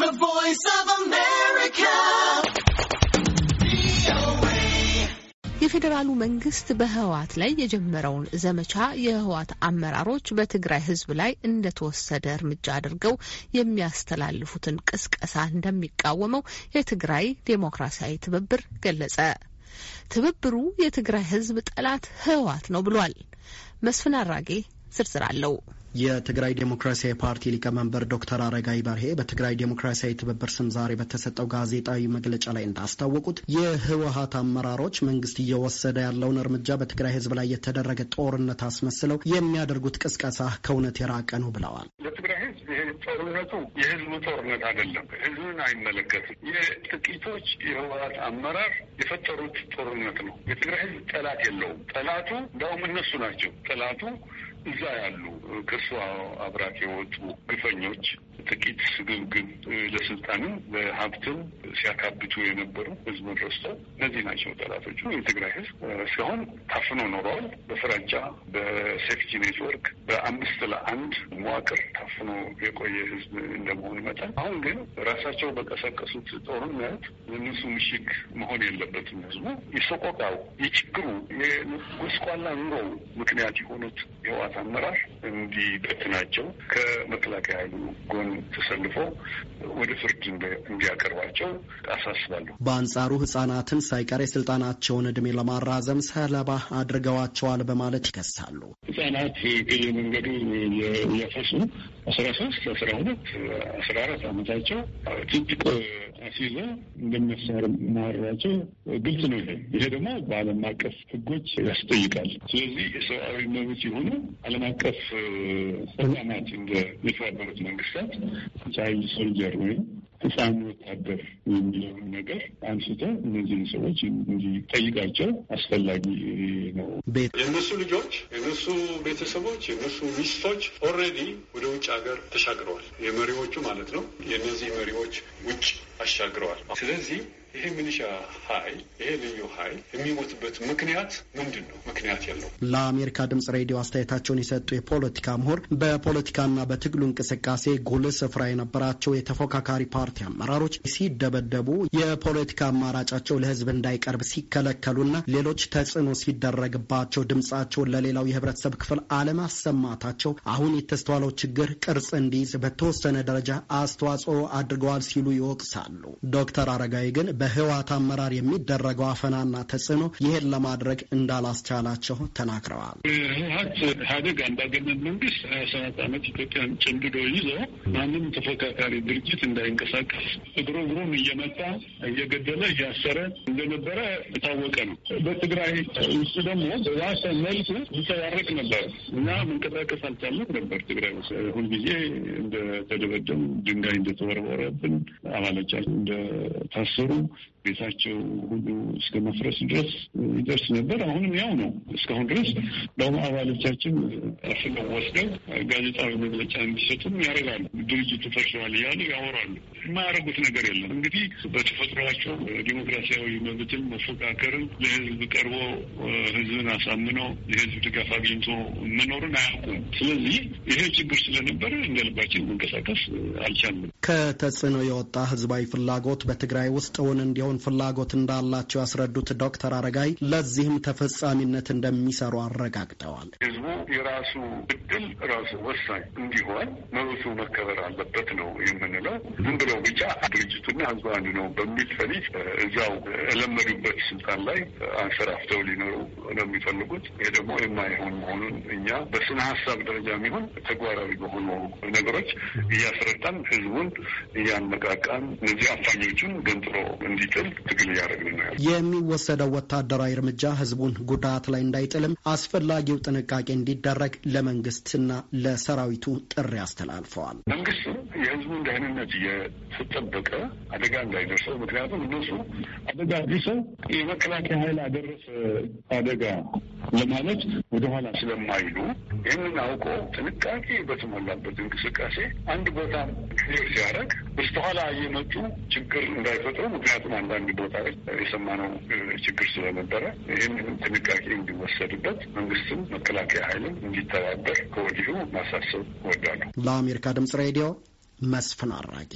The Voice of America. የፌዴራሉ መንግስት በህወሓት ላይ የጀመረውን ዘመቻ የህወሓት አመራሮች በትግራይ ህዝብ ላይ እንደተወሰደ እርምጃ አድርገው የሚያስተላልፉትን ቅስቀሳ እንደሚቃወመው የትግራይ ዴሞክራሲያዊ ትብብር ገለጸ። ትብብሩ የትግራይ ህዝብ ጠላት ህወሓት ነው ብሏል። መስፍን አራጌ ዝርዝር አለው። የትግራይ ዴሞክራሲያዊ ፓርቲ ሊቀመንበር ዶክተር አረጋይ በርሄ በትግራይ ዴሞክራሲያዊ ትብብር ስም ዛሬ በተሰጠው ጋዜጣዊ መግለጫ ላይ እንዳስታወቁት የህወሀት አመራሮች መንግስት እየወሰደ ያለውን እርምጃ በትግራይ ህዝብ ላይ የተደረገ ጦርነት አስመስለው የሚያደርጉት ቅስቀሳ ከእውነት የራቀ ነው ብለዋል። ህዝብ ጦርነቱ የህዝቡ ጦርነት አይደለም፣ ህዝብን አይመለከትም። የጥቂቶች የህወሀት አመራር የፈጠሩት ጦርነት ነው። የትግራይ ህዝብ ጠላት የለውም። ጠላቱ እንዳውም እነሱ ናቸው። ጠላቱ እዛ ያሉ ከእሷ አብራት የወጡ ግፈኞች ጥቂት ግብግብ ለስልጣንም ለሀብትም ሲያካብቱ የነበሩ ህዝብን ረስተው እነዚህ ናቸው ጠላቶቹ። የትግራይ ህዝብ እስካሁን ታፍኖ ኖረዋል። በፍራጫ በሴፍቲ ኔትወርክ በአምስት ለአንድ መዋቅር ታፍኖ የቆየ ህዝብ እንደመሆኑ መጠን አሁን ግን ራሳቸው በቀሰቀሱት ጦርነት የእነሱ ምሽግ መሆን የለበትም። ህዝቡ የሰቆቃው የችግሩ የጎስቋላ ኑሮው ምክንያት የሆኑት ህዋት ህወሓት አመራር እንዲበት ናቸው ከመከላከያ ኃይሉ ጎን ተሰልፎ ወደ ፍርድ እንዲያቀርባቸው አሳስባለሁ። በአንጻሩ ህጻናትን ሳይቀር የስልጣናቸውን እድሜ ለማራዘም ሰለባ አድርገዋቸዋል በማለት ይከሳሉ። ህጻናት ከየመንገዱ እያፈሱ አስራ ሶስት አስራ ሁለት አስራ አራት አመታቸው ትጥቅ አስይዞ እንደሚያሰር ማራቸው ግልጽ ነው። ይሄ ይሄ ደግሞ በዓለም አቀፍ ህጎች ያስጠይቃል። ስለዚህ የሰብአዊ መብት የሆኑ ዓለም አቀፍ ተቋማት እንደ የተባበሩት መንግስታት ቻይልድ ሶልጀር ወይም ህፃን ወታደር የሚለውን ነገር አንስተ እነዚህን ሰዎች እንዲጠይቃቸው አስፈላጊ ነው። የእነሱ ልጆች፣ የእነሱ ቤተሰቦች፣ የእነሱ ሚስቶች ኦልሬዲ ወደ ውጭ ሀገር ተሻግረዋል። የመሪዎቹ ማለት ነው። የእነዚህ መሪዎች ውጭ አሻግረዋል። ስለዚህ ይሄ ሚሊሻ ኃይል ይሄ ልዩ ኃይል የሚሞትበት ምክንያት ምንድን ነው? ምክንያት ያለው ለአሜሪካ ድምጽ ሬዲዮ አስተያየታቸውን የሰጡ የፖለቲካ ምሁር በፖለቲካና በትግሉ እንቅስቃሴ ጉልህ ስፍራ የነበራቸው የተፎካካሪ ፓርቲ አመራሮች ሲደበደቡ፣ የፖለቲካ አማራጫቸው ለህዝብ እንዳይቀርብ ሲከለከሉና ሌሎች ተጽዕኖ ሲደረግባቸው ድምጻቸውን ለሌላው የህብረተሰብ ክፍል አለማሰማታቸው አሁን የተስተዋለው ችግር ቅርጽ እንዲይዝ በተወሰነ ደረጃ አስተዋጽኦ አድርገዋል ሲሉ ይወቅሳል። ይመክራሉ። ዶክተር አረጋዊ ግን በህወሓት አመራር የሚደረገው አፈናና ተጽዕኖ ይህን ለማድረግ እንዳላስቻላቸው ተናግረዋል። ህወሓት ኢህአዴግ አንዳገነን መንግስት ሀያ ሰባት ዓመት ኢትዮጵያን ጭምድዶ ይዞ ማንም ተፎካካሪ ድርጅት እንዳይንቀሳቀስ እግሩ እግሩን እየመጣ እየገደለ እያሰረ እንደነበረ የታወቀ ነው። በትግራይ ውስጥ ደግሞ በባሰ መልኩ ይንጸባረቅ ነበር እና መንቀሳቀስ አልቻለም ነበር። ትግራይ ሁልጊዜ እንደተደበደም ድንጋይ እንደተወረወረብን አባሎቻ እንደታሰሩ ቤታቸው ሁሉ እስከ መፍረስ ድረስ ይደርስ ነበር። አሁንም ያው ነው። እስካሁን ድረስ ደሞ አባሎቻችን አፍነው ወስደው ጋዜጣዊ መግለጫ እንዲሰጡም ያደርጋሉ። ድርጅቱ ፈርሰዋል እያሉ ያወራሉ። የማያደርጉት ነገር የለም። እንግዲህ በተፈጥሯቸው ዲሞክራሲያዊ መብትን መፎካከርን፣ ለህዝብ ቀርቦ ህዝብን አሳምነው የህዝብ ድጋፍ አግኝቶ መኖርን አያውቁም። ስለዚህ ይሄ ችግር ስለነበረ እንደልባችን መንቀሳቀስ አልቻለም። ከተጽዕኖ የወጣ ህዝባዊ ፍላጎት በትግራይ ውስጥ እውን እንዲሆን የማከናወን ፍላጎት እንዳላቸው ያስረዱት ዶክተር አረጋይ ለዚህም ተፈጻሚነት እንደሚሰሩ አረጋግጠዋል። ህዝቡ የራሱ እድል ራሱ ወሳኝ እንዲሆን መብቱ መከበር አለበት ነው የምንለው። ዝም ብለው ብቻ ድርጅቱና ህዝቡ አንድ ነው በሚል ፈሊጥ እዚያው የለመዱበት ስልጣን ላይ አንሰራፍተው ሊኖሩ ነው የሚፈልጉት። ይህ ደግሞ የማይሆን መሆኑን እኛ በስነ ሀሳብ ደረጃ የሚሆን ተግባራዊ በሆኑ ነገሮች እያስረዳን ህዝቡን እያነቃቃን እነዚህ አፋኞቹን ገንጥሮ እንዲጥ እንድንችል ትግል እያደረግን ነው። የሚወሰደው ወታደራዊ እርምጃ ህዝቡን ጉዳት ላይ እንዳይጥልም አስፈላጊው ጥንቃቄ እንዲደረግ ለመንግስትና ለሰራዊቱ ጥሪ አስተላልፈዋል። መንግስት የህዝቡን ደህንነት እየተጠበቀ አደጋ እንዳይደርሰው፣ ምክንያቱም እነሱ አደጋ ቢሰው የመከላከያ ኃይል አደረሰ አደጋ ለማለት ወደኋላ ስለማይሉ ይህንን አውቆ ጥንቃቄ በተሞላበት እንቅስቃሴ አንድ ቦታ ክሌር ሲያደርግ በስተኋላ እየመጡ ችግር እንዳይፈጥሩ፣ ምክንያቱም አንዳንድ ቦታ የሰማነው ችግር ስለነበረ ይህን ጥንቃቄ እንዲወሰድበት መንግስትም መከላከያ ኃይልም እንዲተባበር ከወዲሁ ማሳሰብ እወዳለሁ። ለአሜሪካ ድምጽ ሬዲዮ መስፍን አራጌ